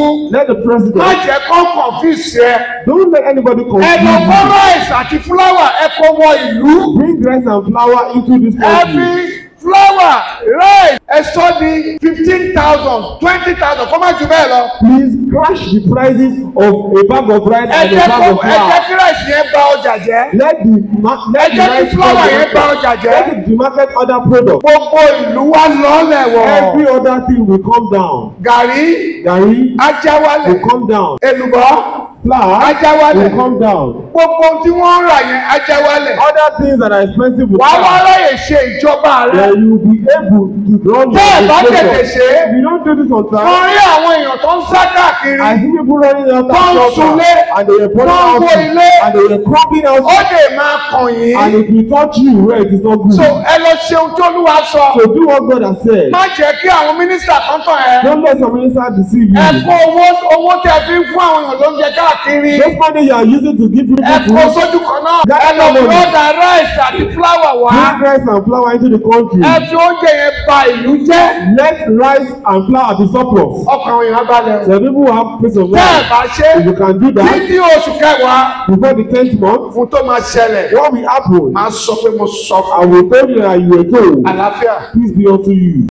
let the president. má jẹ́ kó confuse ẹ. don't let anybody confuse you. ẹ lọ àti flour ẹ wọ ìlú. bring rice and flour into this country. every ẹ sọ di fifteen thousand twenty thousand kó má jù bẹ́ẹ̀ lọ. please crash the prices of a bag of rice and a bag of flour. ẹ jẹ́ kí rice yẹn bà ọjà jẹ́. let the let the rice flour yẹn bà ọjà jẹ́. let the market other products. gbogbo ìlú wa lọ́lẹ̀ wọ̀. every other thing will come down. gàrí. gàrí. ajá wálẹ̀. will come down. èlùbọ́ ajawalẹ̀ gbogbo tí wọ́n ń rà yẹn ajawalẹ̀. other things that are expensive. wàá wá ráyè ṣe ìjọba rẹ. then you be able to run your business. bẹ́ẹ̀ bá tètè ṣe. if don't do this on time. wọ́n rí àwọn èèyàn tó ń sá káàkiri. I see people running their tax tó ń sunlé and they were pouring out ilé and they were crumbling out ó lè máa kàn yín and if you touch you well it is not good. so ẹ lọ ṣe ohun tí olúwa sọ. so do what God has said. má jẹ́ kí àwọn mínísítà kan tàn ẹ́. don't let some minister deceive you. ẹ kó owó owó tẹ fi fún àwọn èèyàn lóúnjẹ káàkiri. those money you are using to give people. ẹ kó sójú kan gather money. ẹ lọ rọ da rice àti flour wá. bring rice and flour into the country. ẹ oúnjẹ yẹn ba ìlú jẹ́. let rice and flour be surplus. ọkàn àwọn èèyàn balẹ̀. the people who have peace of mind. bẹ́ẹ̀ bá ṣe. if you can do that. títí oṣù kẹwàá. before the tenth month. fún tó máa ṣẹlẹ̀. what will happen. máa sọ pé mo sọ. I will tell you àlàáfíà. peace be unto you.